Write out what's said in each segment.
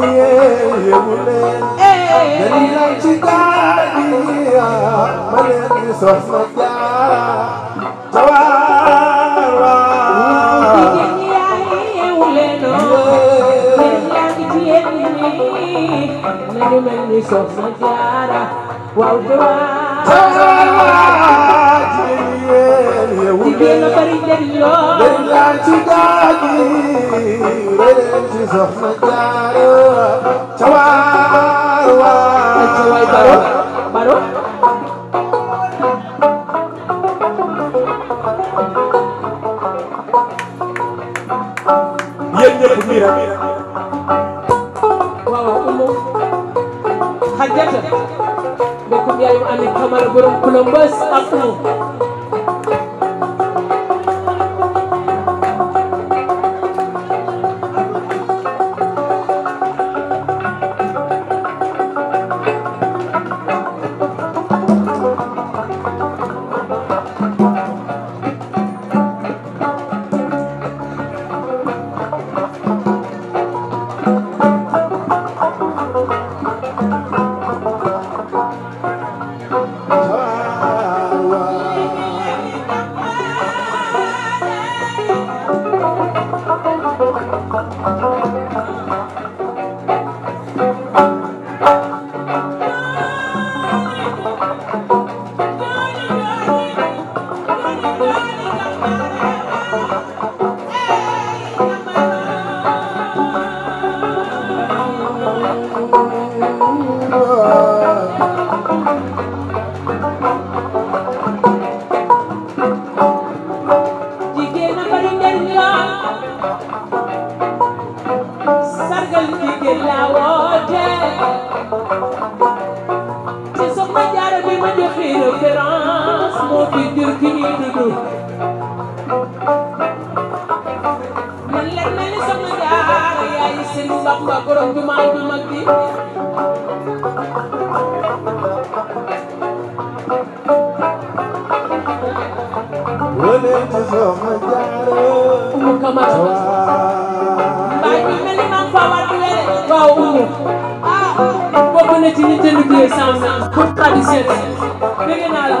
Yeah, yeah, yeah. jëriñam ci taal yi ma leen di sos ma jaar Nani meni sosa jara Wow jawa Jigéen la bari njariñ lool Dañ laa ci daaj yi Dañ ci sosa jara Jawa baru baru dia nyebut iya, mira iya. iya, wawa umu hajjata bekum yayum anik kamal gurum kulombas Aku li ma joxe référence moo fi jël ki ñuy dund man leen na ni sama jaar yaay Sëriñ Bamba borom jumaa ju mag ji na ci ñi jënd biir sànq pour traditionnel bëgg naa la.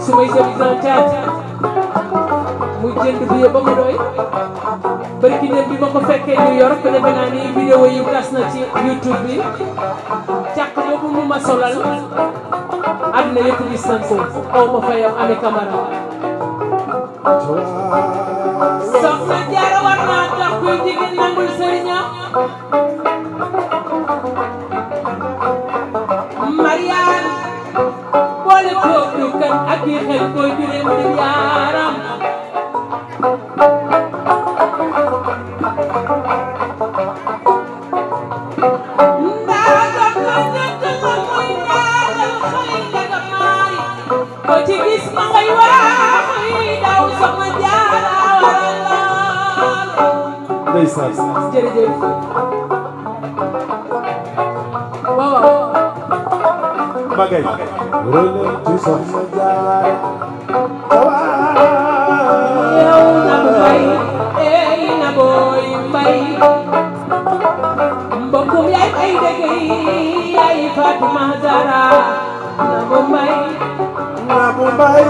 su may service caaj muy jënd bi ba ma doy barki dem bi ma ko fekkee New York defe naa ni vidéo yu gas na ci YouTube bi càq boobu mu ma solal àdduna yëpp gis aw ma fayam ame kamara soxna Jaara war naa tax kuy jigéen nangul sëriñam bagay rëy ci soxna jaara yow na mbay ey na booy mbay mbokkum yaay ay dëgg yaay Fatuma Zara na bu mbay na bu mbay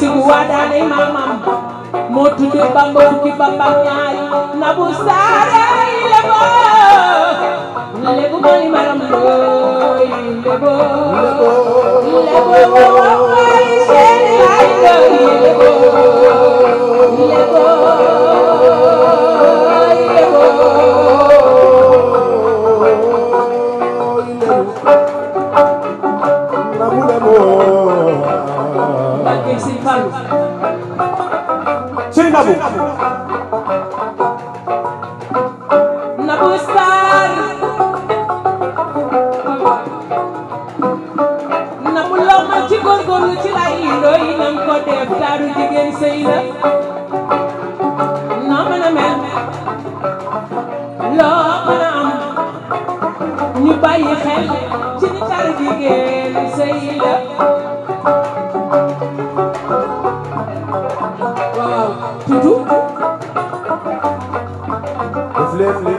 sugu waɗaɗe mamam motude bamba fukki bamba ñaari nabu lebo maram lebo lebo rabu Nabou Star Nabou law ma ci góorgóorlu ci lay doy nam ko jigéen sëy la noo mën a am ñu bàyyi xel ci ni taaru jigéen sëy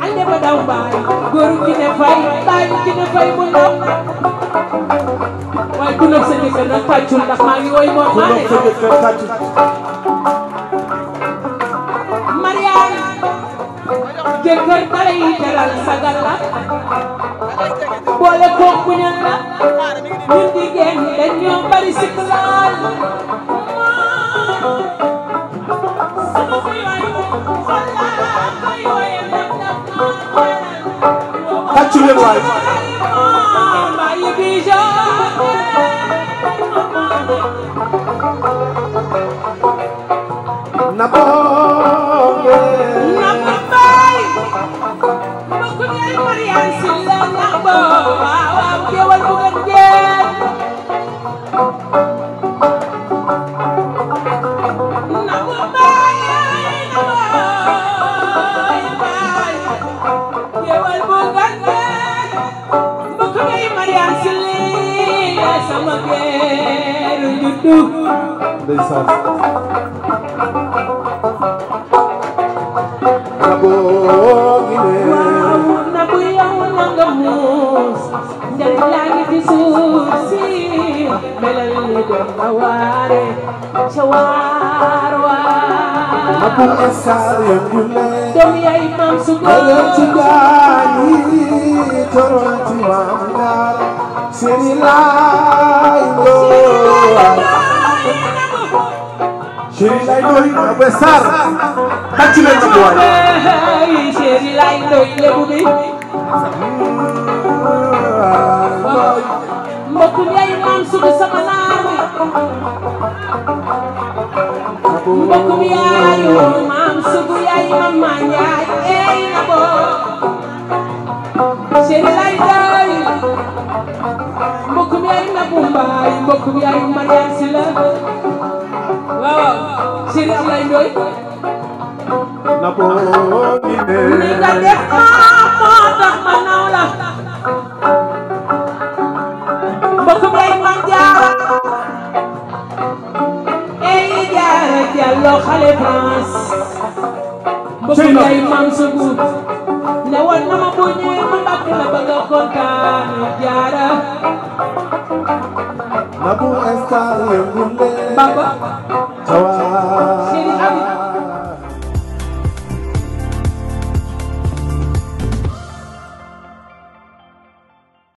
ande ba daw mbaay góoru ki ne fay baayu ki ne fay mooy daw waaye ku nekk sa jëkkër nag tàccul ndax maa ngi woy moom maa ne sa jëkkër tàccul mariage jëkkër dalay dalal sagal la boole koog bu ñan la ñun jigéen dañoo bari siklaal tàccu leen waay na boonge na boonge sama kër juddu ndeysaan nabo gi ne waaw nabu yow na nga muus njëriñ laa ngi ci suuf si melal ni doon na waare ca waar waar nabu esaar ya ñu ne doom yaay maam su góor ci gaañi toroon ci maam daara Siri lay doy Siri lay doy Abe Sarr tàcc leen ci waay Siri lay doy lébu bi mbokk ñay naan suñu sama naar bi mbokk mi yaayu maam sugu yaay mama njaay ey na boo yaayu mbokk bi Mariam si la waaw Serigne Ablaye Ndoye na ko ni nga def moo tax ma naw la mbokk bi yaayu jaara ey jaara jàllo xale France mbokk bi yaayu maam sugu ne woon na ma bu ñëwee ma mbàkk la ba nga kontaan jaara Abu Esther Wemule. Baba.